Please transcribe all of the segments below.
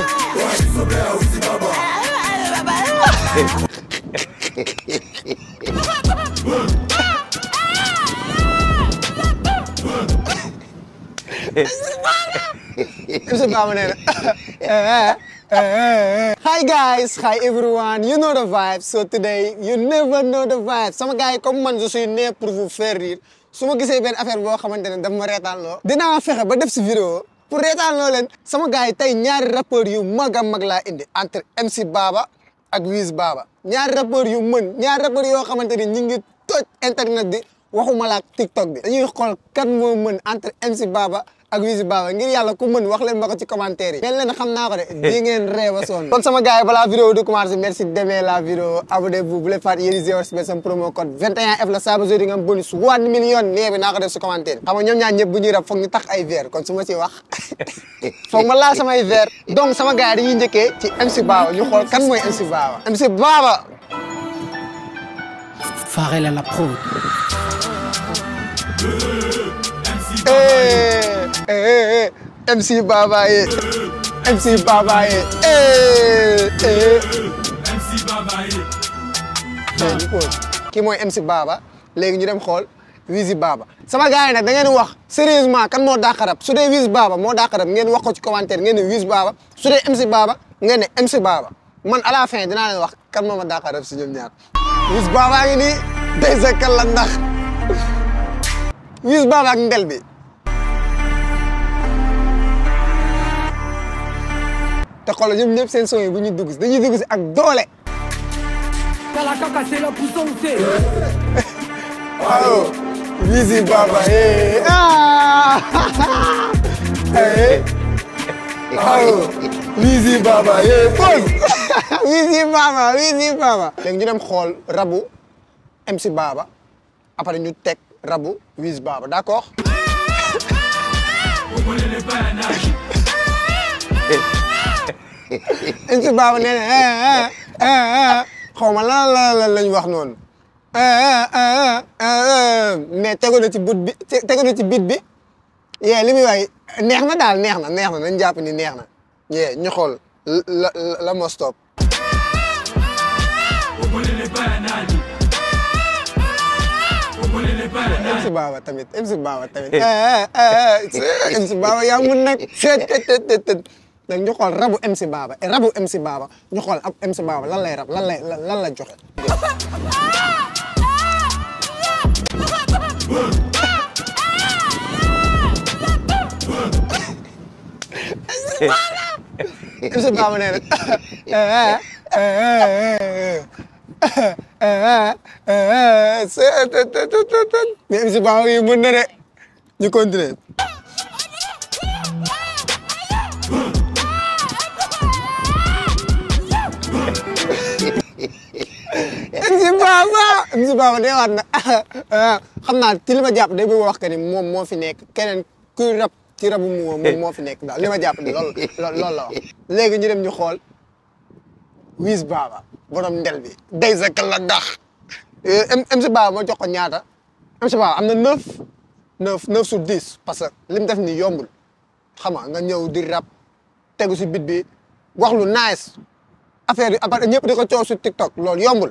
Hi guys, hi everyone, you know the vibe, so today you never know the vibe. Sama gars yi comme man je suis you. pour vous faire rire su ma gisee benn affaire boo xamante ne daf ma reetaan fexe ba def vidéo pour reetaan loo leen sama gars yi tey ñaari rappeurs yu mag a mag laa indi entre MC Baba ak Wiz Baba ñaari rappeurs yu mën ñaari rappeurs yoo xamante ni ñu ngi toj internet bi waxuma la ak TikTok bi dañuy xool kan moo mën entre MC Baba ak wisi Baba ngir yalla ku mën wax len mako ci commentaire yi mel len xamna ko de di ngeen rewa son kon sama gaay bala vidéo du commencer merci d'aimer la vidéo abonnez-vous voulez faire fàtte yéen zéro spécial promo code 21F la saabu di nga bonus 1 million nee na ko def ci commentaire xam nga ñom ñaan ñepp bu ñuy rap foog ñu tax ay verre kon suma ci wax foog ma la sama ay verre donc sama gaay dañuy ñëkke ci MC Baba ñu xol kan moy MC Baba MC Baba Farel à la prod. Eh! Eh, eh, eh. MC Babaye MC Babaye MC Babaye kii mooy MC Baba léegi ñu dem xool Wizi Baba sama gars yi nag da ngeen wax sérieusement kan moo dàq rap su dee Wizi Baba moo dàq rap ngeen wax ko ci commentaire ngeen ne Wizi Baba su dee MC Baba ngeen ne MC Baba man à la fin dinaa leen wax kan moo ma dàq rap si ñoom ñaar Wizi Baba ngi nii day sa kàlla ndax Wizi Baba ak ndel bi te xoolal ñep seen son yi bu ñu dugg dañuy dugg ci ak doole. waaw. Wizi Baba eh ah eh Wizi Baba eh. pause. Baba Baba. ñu Baba après ñu rabu Baba d'accord. in si baaba nee na eh, eh, eh, xaw ma lan la lañ wax noon mais tegu na ci but bi tegu na ci bit bi yee li muy waay neex na daal neex na neex na nañ jàpp ni neex na yee ñu xool la la moo stop MC Baba tamit MC Baba tamit MC Baba yaa mun nag léegi ñu xool rabu MC Baba et eh, rabu MC Baba ñu xool ab MC Baba lan lay rab lan lay lan la joxe. MC Baba nee na. mais MC Baba yi mën na de ñu continuer. bisu baba deewaat na ah, xam naa ci li ma jàpp day bëgg wax ni moom moo fi nekk keneen kuy rab ci rab mu moom moo fi nekk daal li ma jàpp ni loolu loolu la wax léegi ñu dem ñu xool Wiz Baba borom ndel bi day sa kala dax eh, MC Baba moo jox ko ñaata MC am na neuf neuf neuf sur dix parce que li def ni yombul xam nga ñëw di rab tegu si bit bi wax lu nice affaire yi après ñëpp di ko coow si TikTok loolu yombul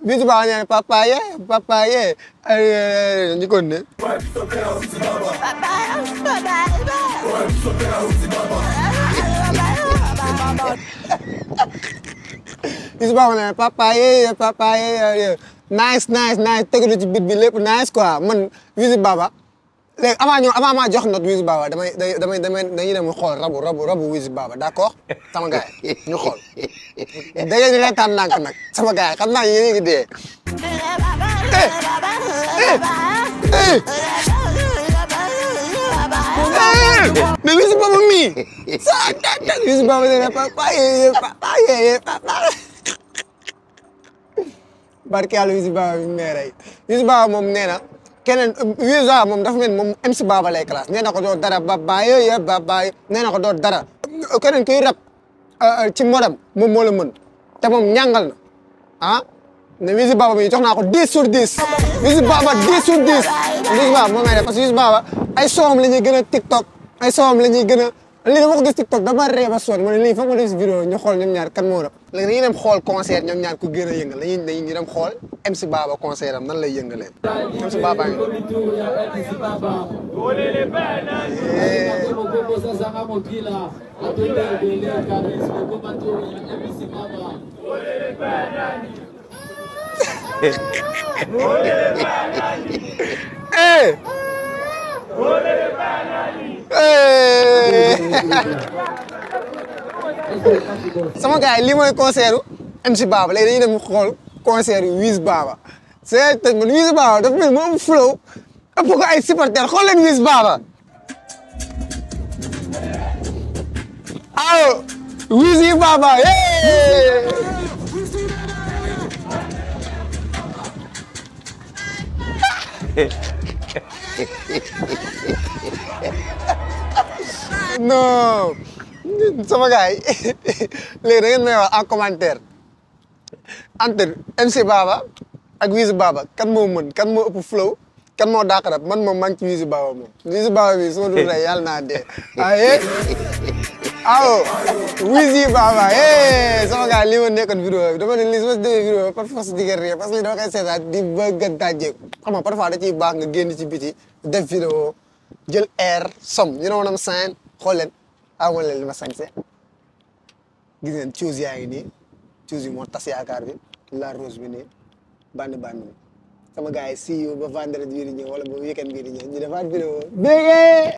Bizi baba wane papaye, papaye, ayeyeyeyeye, jikonde. Bizi baba wane papaye, papaye, ayeyeyeyeyeye, nice, nice, nice, teke douti bit bile pou nice kwa, moun, Bizi baba. léegi avant ñoo avant maa jox note Wiz Baba damay damay damay dañuy dem xool rabu rabu rabu Wiz Baba d' accord sama gars yi ñu xool da ngeen di reetaan ndànk nag sama gars yi xam naa yéen a ngi dee. mais Wiz Baba mii. saa kàkà Wiz Baba nee na papa yeye papa yeye papa. barke yàlla Wiz Baba mi ngi may rey Wiz Baba moom nee na. keneen Wiza moom dafa mel moom MC Baba lay classe nee na ko doo dara Baba yooyu Baba nee na ko doo dara keneen kuy rap euh, euh, ci modam moom moo la mën te moom ñàngal na ah ne Wiza Baba jox naa ko 10 sur 10 Wiza Baba 10 sur 10 Wiza Baba moom lay def parce Baba ay soom la ñuy gën a TikTok ay soom la ñuy gën a li ma ko gis TikTok dama ree ba sonn ma ne lii foog ma def si xool ñoom ñaar kan moo léegi dañuy dem concert ñoom ñaar ku gën a yëngal dañuy dañuy dem xool MC Baba concert am nan lay yëngalee MC Baba ngi Hey! Eh! Eh! sama gars yi lii mooy concert MC Baba léegi dañuy dem xool concert Wiz Baba c'est tëj man Wiz Baba dafa mel mu am flow ëpp ko ay supporter xool Wiz Baba aw Wiz Baba yee não sama gars yi léegi da ngeen may wax en commentaire entre MC Baba ak Wiz Baba kan moo mën kan moo ëpp flow kan moo dàq rap man moom maa ngi ci Wiz Baba moom Wiz Baba bi su ma dul naa dee ah, eh? awo Wiz Baba eh sama gars lii ma nekkoon vidéo bi dama ne lii su ma si demee vidéo bi par di ngeen ree parce di bëgg a dajeeku xam nga parfois da ciy baax nga génn biti def vidéo jël air som you know what I'm ah wala li ma sañse gis ngeen chose yaa ngi nii chose yi moo tas yaakaar bi la rose bi baan bandi baan bi sama gars yi si ba vendredi bii di ñëw wala ba weekend bii di ñëw ñu defaat vidéo